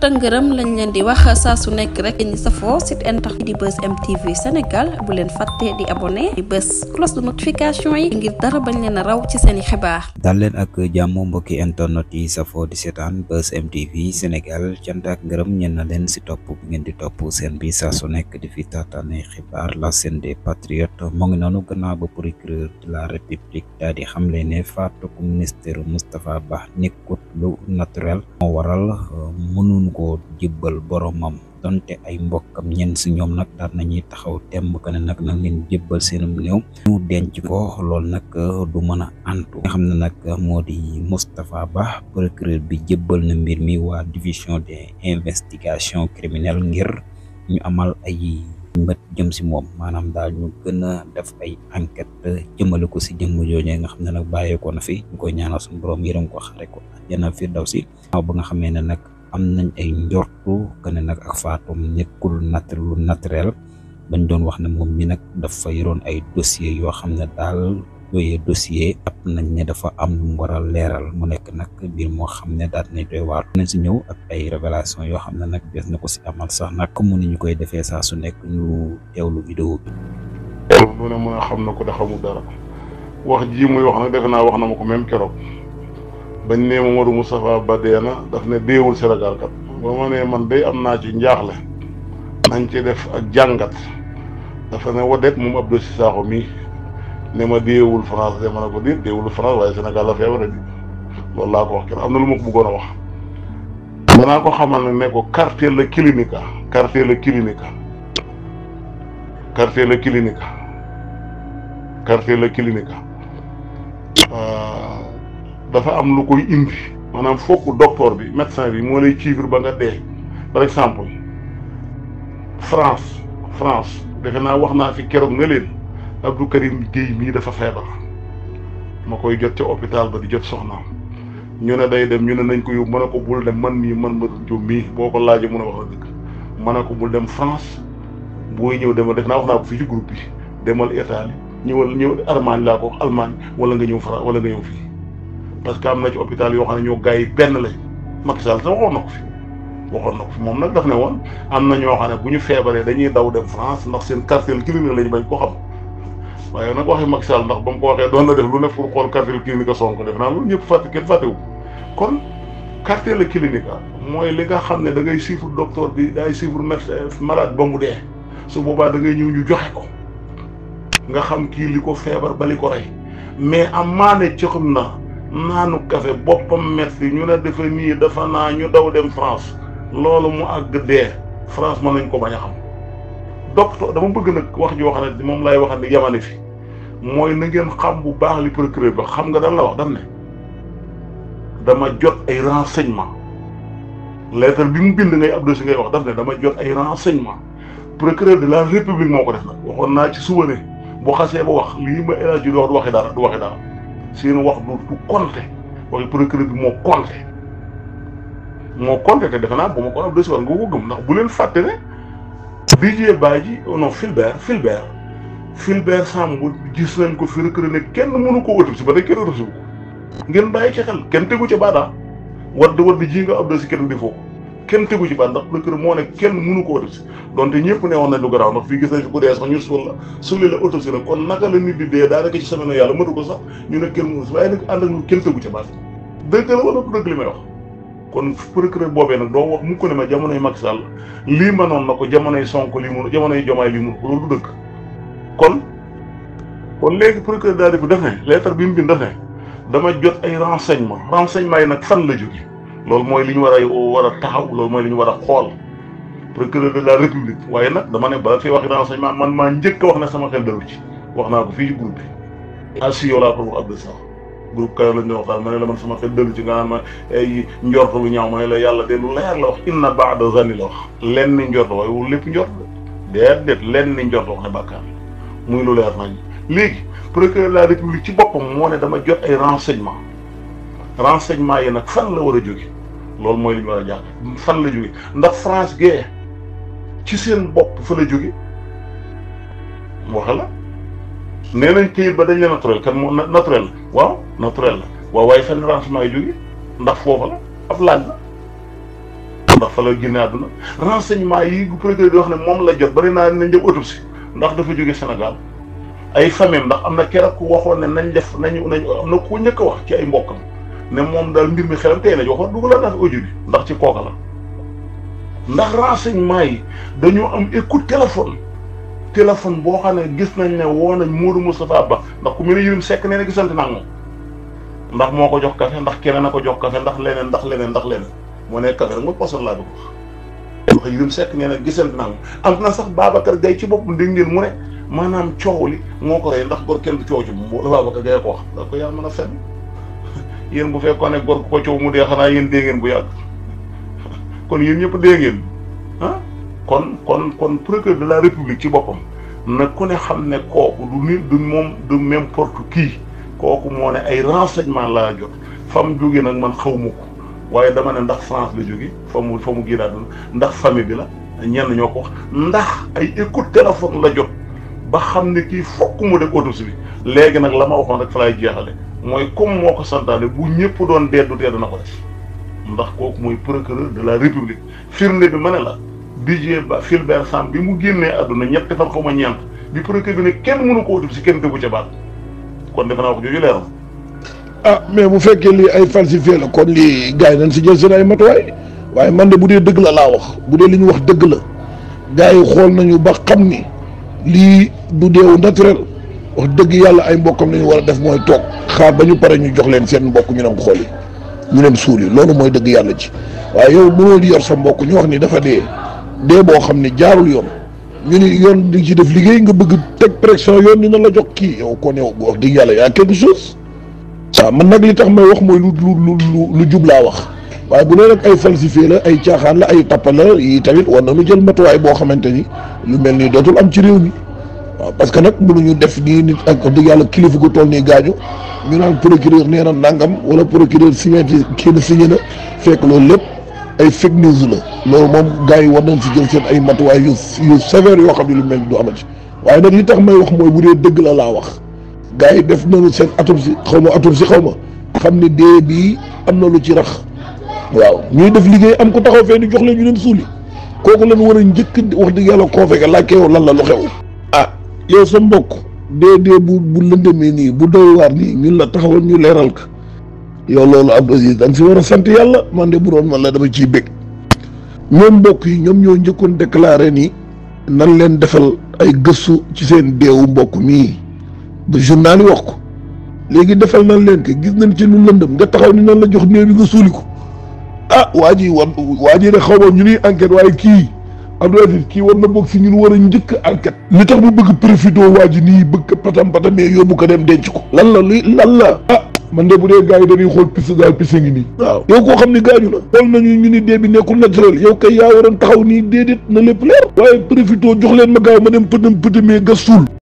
tëngërëm lañ leen di wax saa su nekk rek ñi safoo site internet di bës mtv sénégal bu leen fàtte di abonné di bës cloche de notification yi ngir dara bañ leen a raw ci seeni xibaar dal leen ak jàmm mbokki internet yi safoo di seetaan bës mtv sénégal cant ak ngërëm ñen na leen si topp bi ngeen di topp seen bi saa su nekk di fi taataane xibaar la seen des patriotes moo ngi noonu gannaaw ba procureur de la république daal di xamle ne faatu ministre moustapha ba nekkut lu naturel moo waral eh, mënunu nguur jibbal boromam donte ay mbokam ñen ci ñom nak daan nañuy taxaw temb que ne nak nag leen jébbal seenum neew ñu denc ko lool nak euh, du mëna antu nga xam ne nag euh, moo Ba procureur bi jibbal na mbir mi wa division des investigations criminelles ngir ñu amal ay mbët jëm ci mom manam daal ñu gëna def ay enquête euh, jëmale ko si jëmm jooju nga xamne nak nag ko na fi ñu ñaanal sun borom yërëm ko xare ko daw ci ba nga xamee nak am nañ ay njortu ne nag ak faatoom nekkul nat lu bañ doon wax ne moom mi nag dafa yoroon ay dossier yoo xam ne daal yooyee dossier ab nañ ne dafa am lu war a leeral mu nekk nag mbir moo xam ne daal nañ doy waar nañ si ñëw ak ay révélation yoo xam ne nag bees na ko si amal sax nag comme ni ñu koy defee saa su nekk ñu teewlu vidéo bi lu ne mën a xam na ko da xamul dara wax ji muy wax nag defe naa wax na ma ko même keroog bañ ne Mamadou Moustapha Ba dee na daf ne déewul Sénégal kat ba ma ne man day am naa ci njaaxle nañ ci def ak jàngat dafa ne wadet moom Abdou Sy Sakho mii ne ma déewul France de ma ne ko déet France waaye Sénégal la feebar di loolu laa ko wax kenn am na lu ma ko bëggoon a wax danaa ko xamal ne ko quartier la clinica quartier la clinica quartier la clinica quartier la clinica dafa am lu koy indi maanaam fokk docteur bi médecin bi moo lay suivre ba nga dee par exemple France France defe naa wax naa fi keroog nga leen Abdou Karim Guèye mii dafa feebar ma koy jot ca hôpital ba di jot soxnaam ñu ne day dem ñu ne nañ ko yóbbu mën a ko bul dem man mii man ma jóg mii boo ko laajee mën a wax dëgg mën a ko bul dem France boo ñëw demal def naa wax naa ko fii ci groupe bi demal Italie ñëwal ñëw Allemagne laa ko wax Allemagne wala nga ñëw France wala nga fii. parce que am na ci hôpital yoo xam ne ñoo gars yi benn lañ Macky Sall sax waxoon na ko fi waxoon na ko fi moom nag daf ne woon am na ñoo xam ne bu ñu feebaree dañuy daw dem France ndax seen cartel clinique lañ bañ ko xam waaye nag waxi Macky Sall ndax ba mu ko waxee doon na def lu ne pour xool cartel clinique ko def naa loolu ñëpp fàtte kenn fàttewu kon cartel clinique mooy li nga xam ne da ngay suivre docteur bi daay suivre médecin malade ba mu dee su boobaa da ngay ñëw ñu joxe ko nga xam kii li ko feebar ba li ko rey mais amaane coxam na naanu kafe boppam metti ñu ne dafa nii dafa naa ñu daw dem France loolu mu àgg dee France mën nañ ko bañ a xam docteur dama bëgg nag wax joo xam ne moom lay waxal ni yamale fi mooy na ngeen xam bu baax li procureur ba xam nga dan la wax daf ne dama jot ay renseignement lettre bi mu bind ngay ab dossier ngay wax daf ne dama jot ay renseignement procureur de la république moo ko def nag waxoon naa ci suba ne bu xasee ba wax lii ma El Hadj wax du waxi dara du seen wax du du compté waxi procureur bi moo compté moo compté te defe naa ba ma ko am deux secondes nga ko gëm ndax bu leen fàtte ne Didier Badji oh non Fulbert Fulbert Fulbert Sambou gis nañ ko fi rek ne kenn mënu ko autopsie ba tey kenn autopsie ko ngeen bàyyi ci xel kenn tegu ci baadaa ah. wadd wadd ji nga ab dossier kenn di foofu. kenn tegu ci baat ndax procureur moo ne kenn mënu ko autopsie donte ñëpp ne woon nañ lu garaaw ndax fii gis nañ fi ku dee sax ñu suul la suuli la autopsie nag kon naka la nit di dee daanaka ci semaine yàlla matu ko sax ñu ne kenn mënu waaye nag ànd ak ñu kenn tegu ci baat dëgg la wala du dëgg li may wax kon procureur boobee nag doo wax mukk ne ma jamonoy Macky Sall lii mënoon na ko jamonoy Sonko lii mënu jamonoy Jomaay lii mënu ko loolu du dëgg kon kon léegi procureur daal di def ne lettre bi mu bind def ne dama jot ay renseignement renseignement yi nag fan la jóge loolu mooy li ñu war a war a taxaw loolu mooy li ñu war a xool procureur de la république waaye nag dama ne bala fee waxi renseignement man maa njëkk wax ne sama xel dalu ci wax naa ko fii ci groupe bi asi yow laa ko wax Abdou Sakho groupe Kayor lañ ma ne la man sama xel dalu ci nga ma ay njort lu ñaaw ma ne la yàlla de lu leer la wax inna baada zanni la wax lenn njort waaye wul lépp njort déedéet lenn njort wax ne bàkkaar muy lu leer nañ léegi pour de la république ci boppam moo ne dama jot ay renseignement renseignement yi nag fan la war a jóge loolu mooy li ñu war a jàpp fan la jóge ndax France gee ci seen bopp fa la jóge wax la nee nañ ba dañ la naturel kan moo naturel la waaw naturel la waaw waaye seen renseignement yi jóge ndax foofa la ab laaj la ndax fa la génne àdduna renseignement yi gu procureur di wax ne moom la jot bari naa nañ njëb autopsie ndax dafa jóge Sénégal ay famille ndax am na keroog ku waxoon ne nañ def nañu nañ am na ku njëkk wax ci ay mbokkam ne moom daal mbir mi xelam tey nañ waxoon dugg la daal audio bi ndax ci kooka la ndax renseignement yi dañoo am écoute téléphone téléphone boo xam ne gis nañ ne woo nañ Modou Moustapha Ba ndax ku mel ne Yérim Seck nee na gisante na ndax moo ko jox café ndax keneen a ko jox café ndax leneen ndax leneen ndax leneen moo nekk café rek nga poson laa dugg wax Yérim Seck nee na na am na sax Babacar Gaye ci boppam dégg ngeen mu ne maanaam coow li moo ko rey ndax gor kenn du coow ci moom Babacar Gaye ko wax da ko yaa mën a fenn yéen bu fekkoon ne góor ko coow mu dee xanaa yéen dee ngeen bu yàgg kon yéen ñëpp dee ah? kon kon kon procureur de la république ci boppam nag ku ne xam ne kooku du nit du moom du n'importe qui kooku moo ne ay renseignement laa jot fa mu jóge nag man xaw ma ko waaye dama ne ndax France la jóge fa mu fa mu giraat ndax famille bi la ñeen ñoo ko wax ndax ay écoute téléphone la jot ba xam ne kii fokk mu def autopsie bi léegi nag la ma waxoon rek fa lay jeexale mooy comme moo ko santaane bu ñëpp doon dee du na ko def ndax kooku mooy procureur de la république firnde bi ma ne la Didier Ba Fulbert Sambou bi mu génnee àdduna ñetti fan xaw ma ñeent bi procureur bi ne kenn mënu ko wutul si kenn tegu ca baat kon defe naa ko jooju ah mais bu fekkee lii ay falsifié la kon lii gars yi nañ si jël seen ay matuwaay waaye man de bu dee dëgg la laa wax bu dee li ñu wax dëgg la gars yi xool nañu ba xam ni lii du deewu naturel. wax deug yalla ay mbokam lañu wara def moy tok xaar bañu paré pare ñu jox leen seen mbokk ñu dem xoli ñu dem suuli loolu moy deug yalla ci wa yow mënoo di yor sa mbokk ñu wax ni dafa dé dé bo xamni jaarul yoon ñu ni yoon di ci def liggéey nga bëgg tek pression yoon ni na la jox ki yow kon yow wax dëgg yalla ya quelque chose. sa man nak li tax may wax moy lu lu lu jub la wax waaye bu ne nak ay falsifié la ay tiaxan la ay tappa la yi tamit wonna mu jël matuway bo xamanteni ni lu melni dotul am ci rew mi. waaw parce que nag ñu def nii nit ak dëgg yàlla kilifa gu toll nii gaañu ñu naan procureur nee na nangam wala procureur signé kii na signé na fekk loolu lépp ay fake news la loolu moom gaa yi war nañ si jël seen ay matuwaay yu yu sévère yoo xam ne lu mel du amati waaye nag li tax may wax mooy bu dee dëgg la laa wax gaa yi def nañu seen autopsie xaw ma autopsie xaw ma xam ni dee bii am na lu ci rax waaw ñuy def liggéey am ko taxaw fee ni jox ñu dem suuli kooku lañ war njëkk wax dëgg yàlla koo fekkee laajte lan la lu xew ah yow sa mbokk dee dee bu bu lëndëmee nii bu doy waar nii ñun la taxawal ñu leeral ko yow loolu Abdou Aziz da nga si war a sant yàlla man de bu doon man la dama ciy bég ñoom mbokk yi ñoom ñoo njëkkoon déclaré ni nan leen defal ay gëstu ci seen deewu mbokk mii ba journal yi wax ko léegi defal nan leen ko gis nañ ci lu lëndëm nga taxaw ni nan la jox néew bi nga suuli ko ah waa ji war waa ji de xaw ma ñu ni enquête waaye kii Abdou Aziz kii war na bokk si ñun war a njëkk enquête li tax mu bëgg profité waa ji nii bëgg patam patamee yóbbu ko dem denc ko lan la luy lan la ah man de bu dee gars yi dañuy xool piste daal piste ngi nii waaw yow koo xam ne gaañu la xool nañu ñu ni dee bi nekkul naturel yow kay yaa waroon taxaw nii déedéet na lépp leer waaye profité jox leen ma gaaw ma dem pëtam pëtamee gas suul